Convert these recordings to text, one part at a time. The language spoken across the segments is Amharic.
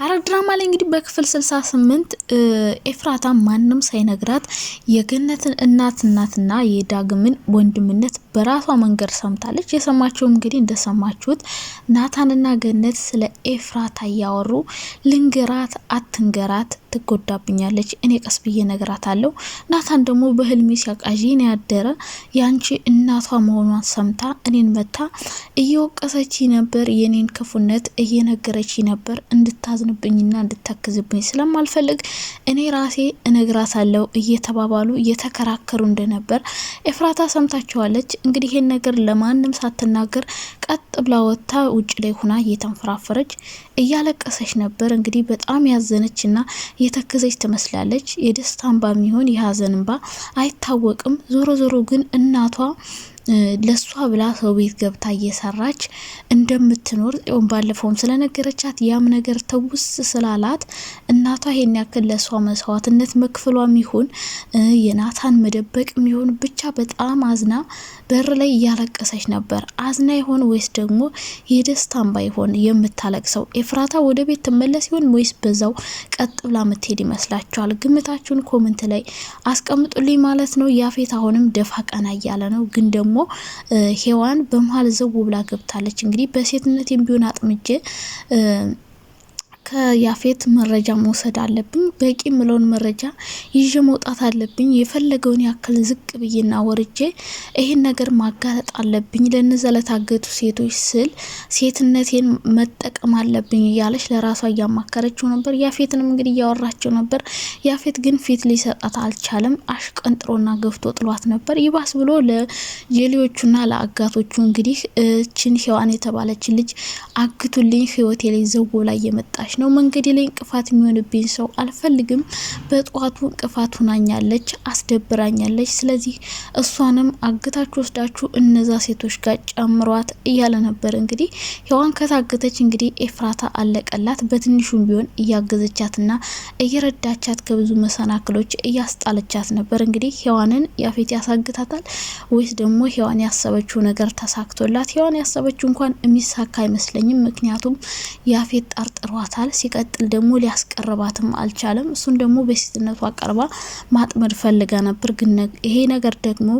ሐረግ ድራማ ላይ እንግዲህ በክፍል 68 ኤፍራታ ማንም ሳይነግራት የገነትን እናት እናትና የዳግምን ወንድምነት በራሷ መንገድ ሰምታለች። የሰማችውም እንግዲህ እንደሰማችሁት ናታንና ገነት ስለ ኤፍራታ እያወሩ ልንገራት አትንገራት ትጎዳብኛለች፣ እኔ ቀስ ብዬ አለው። ናታን ደግሞ በህልሜ ሲያቃዥን ያደረ ያንቺ እናቷ መሆኗን ሰምታ እኔን መታ እየወቀሰች ነበር። የኔን ክፉነት እየነገረች ነበር። እንድታዝንብኝና እንድታክዝብኝ ስለማልፈልግ እኔ ራሴ አለው እየተባባሉ እየተከራከሩ እንደነበር ኤፍራታ ሰምታቸዋለች። እንግዲህ ይህን ነገር ለማንም ሳትናገር ቀጥ ብላ ወጥታ ውጭ ላይ ሁና እየተንፈራፈረች እያለቀሰች ነበር። እንግዲህ በጣም ያዘነች እና የተከዘች ትመስላለች። የደስታ እንባ የሚሆን የሀዘን እንባ አይታወቅም። ዞሮ ዞሮ ግን እናቷ ለሷ ብላ ሰው ቤት ገብታ እየሰራች እንደምትኖር ጽዮን ባለፈውም ስለነገረቻት ያም ነገር ተውስ ስላላት እናቷ ይሄን ያክል ለእሷ መስዋዕትነት መክፈሏ ሚሆን የናታን መደበቅ ሚሆን ብቻ በጣም አዝና በር ላይ እያለቀሰች ነበር። አዝና ይሆን ወይስ ደግሞ የደስታ እንባ ይሆን የምታለቅሰው? ኤፍራታ ወደ ቤት ትመለስ ይሆን ወይስ በዛው ቀጥ ብላ ምትሄድ ይመስላችኋል? ግምታችሁን ኮመንት ላይ አስቀምጡልኝ ማለት ነው። ያፌት አሁንም ደፋ ቀና እያለ ነው ግን ደግሞ ደግሞ ሄዋን በመሀል ዘው ብላ ገብታለች። እንግዲህ በሴትነት ቢሆን አጥምጄ ከያፌት መረጃ መውሰድ አለብኝ። በቂ ምለውን መረጃ ይዤ መውጣት አለብኝ። የፈለገውን ያክል ዝቅ ብዬና ወርጄ ይህን ነገር ማጋለጥ አለብኝ። ለነዛ ለታገቱ ሴቶች ስል ሴትነቴን መጠቀም አለብኝ እያለች ለራሷ እያማከረችው ነበር። ያፌትንም እንግዲህ እያወራቸው ነበር። ያፌት ግን ፊት ሊሰጣት አልቻለም። አሽቀንጥሮና ገፍቶ ጥሏት ነበር። ይባስ ብሎ ለጀሌዎቹና ለአጋቶቹ እንግዲህ እችን ሔዋን የተባለችን ልጅ አግቱልኝ፣ ህይወቴ ላይ ዘጎ ላይ የመጣች ነው። መንገዴ ላይ እንቅፋት የሚሆንብኝ ሰው አልፈልግም። በጠዋቱ እንቅፋት ሁናኛለች፣ አስደብራኛለች። ስለዚህ እሷንም አግታችሁ ወስዳችሁ እነዛ ሴቶች ጋር ጨምሯት እያለ ነበር። እንግዲህ ሔዋን ከታገተች እንግዲህ ኤፍራታ አለቀላት። በትንሹም ቢሆን እያገዘቻትና እየረዳቻት ከብዙ መሰናክሎች እያስጣለቻት ነበር። እንግዲህ ሔዋንን ያፌት ያሳግታታል ወይስ ደግሞ ሔዋን ያሰበችው ነገር ተሳክቶላት? ሔዋን ያሰበችው እንኳን የሚሳካ አይመስለኝም። ምክንያቱም ያፌት ጠርጥሯታል። ይችላል። ሲቀጥል ደግሞ ሊያስቀርባትም አልቻለም። እሱን ደግሞ በሴትነቱ አቀርባ ማጥመድ ፈልጋ ነበር፣ ግን ይሄ ነገር ደግሞ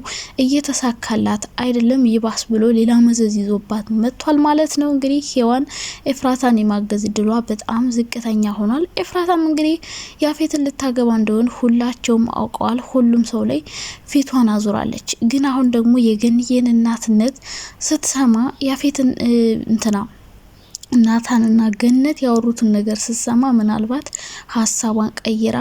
እየተሳካላት አይደለም። ይባስ ብሎ ሌላ መዘዝ ይዞባት መጥቷል ማለት ነው። እንግዲህ ሄዋን ኤፍራታን የማገዝ እድሏ በጣም ዝቅተኛ ሆኗል። ኤፍራታም እንግዲህ ያፌትን ልታገባ እንደሆን ሁላቸውም አውቀዋል። ሁሉም ሰው ላይ ፊቷን አዙራለች። ግን አሁን ደግሞ የገንዬን እናትነት ስትሰማ ያፌትን እንትና ናታንና ገነት ያወሩትን ነገር ስትሰማ ምናልባት ሀሳቧን ቀይራ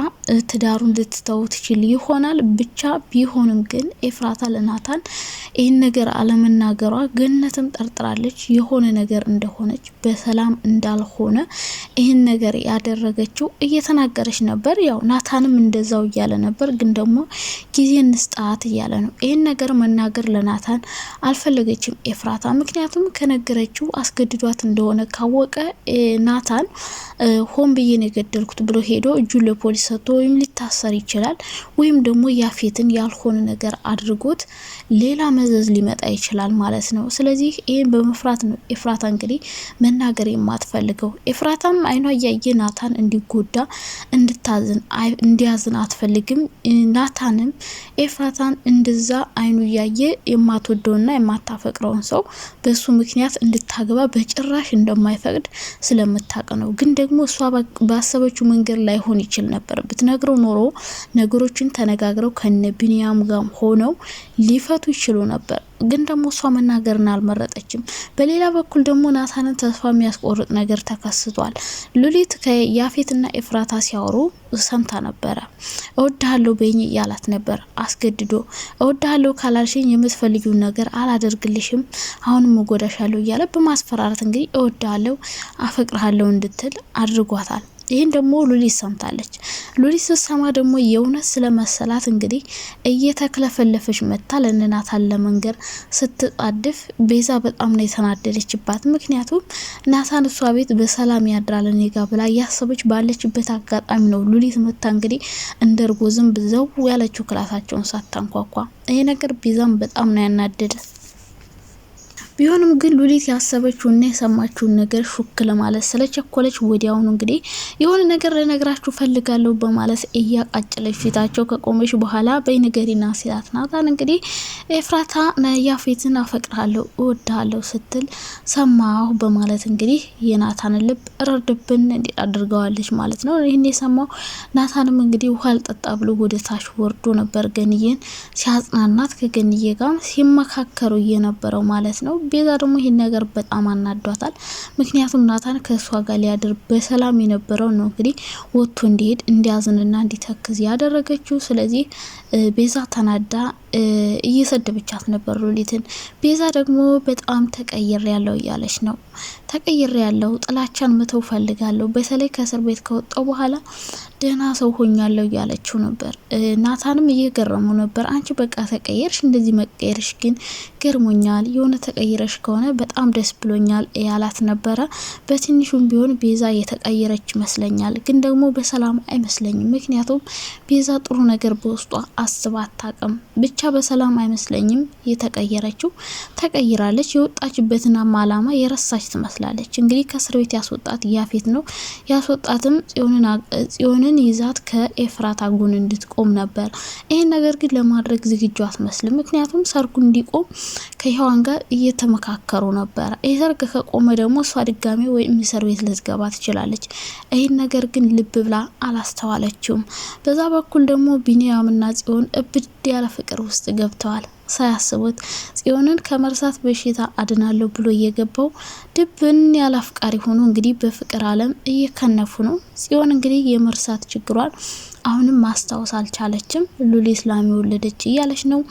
ትዳሩን ልትተው ትችል ይሆናል። ብቻ ቢሆንም ግን ኤፍራታ ለናታን ይህን ነገር አለመናገሯ ገነትም ጠርጥራለች። የሆነ ነገር እንደሆነች በሰላም እንዳልሆነ ይህን ነገር ያደረገችው እየተናገረች ነበር። ያው ናታንም እንደዛው እያለ ነበር፣ ግን ደግሞ ጊዜ እንስጣት እያለ ነው። ይህን ነገር መናገር ለናታን አልፈለገችም ኤፍራታ ምክንያቱም ከነገረችው አስገድዷት እንደሆነ ካወቀ ናታን ሆን ብዬ ነው የገደልኩት ብሎ ሄዶ እጁን ለፖሊስ ሰጥቶ ወይም ሊታሰር ይችላል፣ ወይም ደግሞ ያፌትን ያልሆነ ነገር አድርጎት ሌላ መዘዝ ሊመጣ ይችላል ማለት ነው። ስለዚህ ይህን በመፍራት ነው ኤፍራታ እንግዲህ መናገር የማትፈልገው። ኤፍራታም አይኗ እያየ ናታን እንዲጎዳ እንድታዝን እንዲያዝን አትፈልግም። ናታንም ኤፍራታን እንደዛ አይኑ እያየ የማትወደውና የማታፈቅረውን ሰው በሱ ምክንያት እንድታገባ በጭራሽ እንደማ እንደማይፈቅድ ስለምታውቅ ነው። ግን ደግሞ እሷ ባሰበችው መንገድ ላይሆን ይችል ነበር። ብትነግረው ኖሮ ነገሮችን ተነጋግረው ከነ ቢንያም ጋር ሆነው ሊፈቱ ይችሉ ነበር። ግን ደግሞ እሷ መናገርን አልመረጠችም። በሌላ በኩል ደግሞ ናታንን ተስፋ የሚያስቆርጥ ነገር ተከስቷል። ሉሊት ከያፌትና ኤፍራታ ሲያወሩ ሰምታ ነበረ። እወድሃለሁ በኝ እያላት ነበር አስገድዶ። እወድሃለሁ ካላልሽኝ የምትፈልጊውን ነገር አላደርግልሽም፣ አሁንም እጎዳሻለሁ እያለ በማስፈራራት እንግዲህ እወድሃለሁ፣ አፈቅርሃለሁ እንድትል አድርጓታል። ይህን ደግሞ ሉሊት ሰምታለች። ሉሊት ስትሰማ ደግሞ የእውነት ስለመሰላት እንግዲህ እየተክለፈለፈች መታ ለናታን ለመንገር ስትጣድፍ ቤዛ በጣም ነው የተናደደችባት። ምክንያቱም ናታን እሷ ቤት በሰላም ያድራል እኔ ጋ ብላ እያሰበች ባለችበት አጋጣሚ ነው ሉሊት መታ እንግዲህ እንደ እርጎ ዝንብ ዘው ያለችው ክላሳቸውን ሳታንኳኳ። ይሄ ነገር ቤዛም በጣም ነው ያናደደ። ቢሆንም ግን ሉሊት ያሰበችውና የሰማችውን ነገር ሹክ ለማለት ስለቸኮለች ወዲያውኑ እንግዲህ የሆነ ነገር ልነግራችሁ ፈልጋለሁ በማለት እያቃጨለች ፊታቸው ከቆመች በኋላ በይንገሪና ሲላት ናታን እንግዲህ ኤፍራታ ያፌትን አፈቅርሃለሁ እወድሃለሁ ስትል ሰማሁ በማለት እንግዲህ የናታን ልብ ረርድብን እንዲል አድርገዋለች ማለት ነው። ይህን የሰማው ናታንም እንግዲህ ውሃ አልጠጣ ብሎ ወደ ታች ወርዶ ነበር ገንዬን ሲያጽናናት ከገንዬ ጋር ሲመካከሩ እየነበረው ማለት ነው። ቤዛ ደግሞ ይሄን ነገር በጣም አናዷታል። ምክንያቱም ናታን ከእሷ ጋር ሊያድር በሰላም የነበረው ነው እንግዲህ ወጥቶ እንዲሄድ እንዲያዝንና እንዲተክዝ ያደረገችው። ስለዚህ ቤዛ ተናዳ እየሰደበቻት ነበር ሉሊትን። ቤዛ ደግሞ በጣም ተቀይር ያለው እያለች ነው። ተቀይር ያለው ጥላቻን መተው ፈልጋለሁ፣ በተለይ ከእስር ቤት ከወጣው በኋላ ደህና ሰው ሆኛለሁ እያለችው ነበር። ናታንም እየገረሙ ነበር። አንቺ በቃ ተቀየርሽ፣ እንደዚህ መቀየርሽ ግን ገርሞኛል፣ የሆነ ተቀይረሽ ከሆነ በጣም ደስ ብሎኛል ያላት ነበረ። በትንሹም ቢሆን ቤዛ የተቀየረች ይመስለኛል፣ ግን ደግሞ በሰላም አይመስለኝም። ምክንያቱም ቤዛ ጥሩ ነገር በውስጧ አስባ አታውቅም ብቻ ብቻ በሰላም አይመስለኝም የተቀየረችው። ተቀይራለች። የወጣችበትንም አላማ የረሳች ትመስላለች። እንግዲህ ከእስር ቤት ያስወጣት ያፌት ነው። ያስወጣትም ጽዮንን ይዛት ከኤፍራታ ጎን እንድትቆም ነበር። ይህን ነገር ግን ለማድረግ ዝግጁ አትመስልም። ምክንያቱም ሰርጉ እንዲቆም ከህዋን ጋር እየተመካከሩ ነበረ። ይህ ሰርግ ከቆመ ደግሞ እሷ ድጋሜ ወይም እስር ቤት ልትገባ ትችላለች። ይህን ነገር ግን ልብ ብላ አላስተዋለችውም። በዛ በኩል ደግሞ ቢኒያምና ጽዮን እብድ ያለ ፍቅር ውስጥ ገብተዋል። ሳያስቡት ጽዮንን ከመርሳት በሽታ አድናለሁ ብሎ እየገባው ድብን ያለ አፍቃሪ ሆኖ እንግዲህ በፍቅር ዓለም እየከነፉ ነው። ጽዮን እንግዲህ የመርሳት ችግሯን አሁንም ማስታወስ አልቻለችም። ሉሊት ላም የወለደች እያለች ነው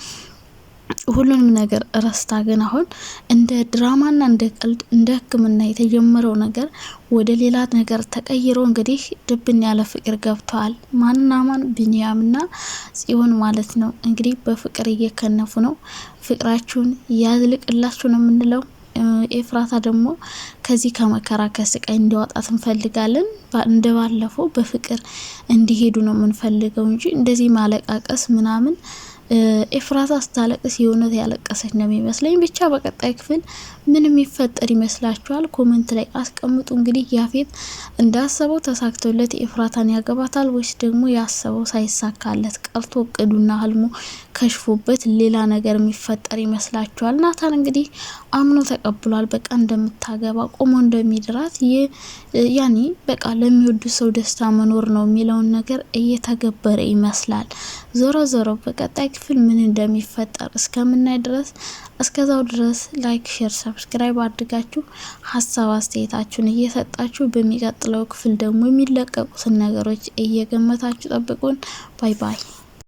ሁሉንም ነገር ረስታ ግን አሁን እንደ ድራማና እንደ ቀልድ እንደ ሕክምና የተጀመረው ነገር ወደ ሌላ ነገር ተቀይሮ እንግዲህ ድብን ያለ ፍቅር ገብተዋል። ማናማን ቢንያምና ጽዮን ማለት ነው። እንግዲህ በፍቅር እየከነፉ ነው። ፍቅራችሁን ያዝልቅላችሁ ነው የምንለው። ኤፍራታ ደግሞ ከዚህ ከመከራ ከስቃይ እንዲወጣት እንፈልጋለን። እንደ ባለፈው በፍቅር እንዲሄዱ ነው የምንፈልገው እንጂ እንደዚህ ማለቃቀስ ምናምን ኤፍራታ ስታለቅስ የእውነት ያለቀሰች ነው የሚመስለኝ። ብቻ በቀጣይ ክፍል ምን የሚፈጠር ይመስላችኋል? ኮመንት ላይ አስቀምጡ። እንግዲህ ያፌት እንዳሰበው ተሳክቶለት ኤፍራታን ያገባታል ወይስ ደግሞ ያሰበው ሳይሳካለት ቀርቶ እቅዱና ህልሙ ከሽፎበት ሌላ ነገር የሚፈጠር ይመስላችኋል? ናታን እንግዲህ አምኖ ተቀብሏል። በቃ እንደምታገባ ቆሞ እንደሚድራት ያኔ በቃ ለሚወዱ ሰው ደስታ መኖር ነው የሚለውን ነገር እየተገበረ ይመስላል። ዞሮ ዞሮ በቀጣይ ክፍል ምን እንደሚፈጠር እስከምናይ ድረስ እስከዛው ድረስ ላይክ፣ ሼር፣ ሰብስክራይብ አድርጋችሁ ሀሳብ አስተያየታችሁን እየሰጣችሁ በሚቀጥለው ክፍል ደግሞ የሚለቀቁትን ነገሮች እየገመታችሁ ጠብቁን። ባይ ባይ።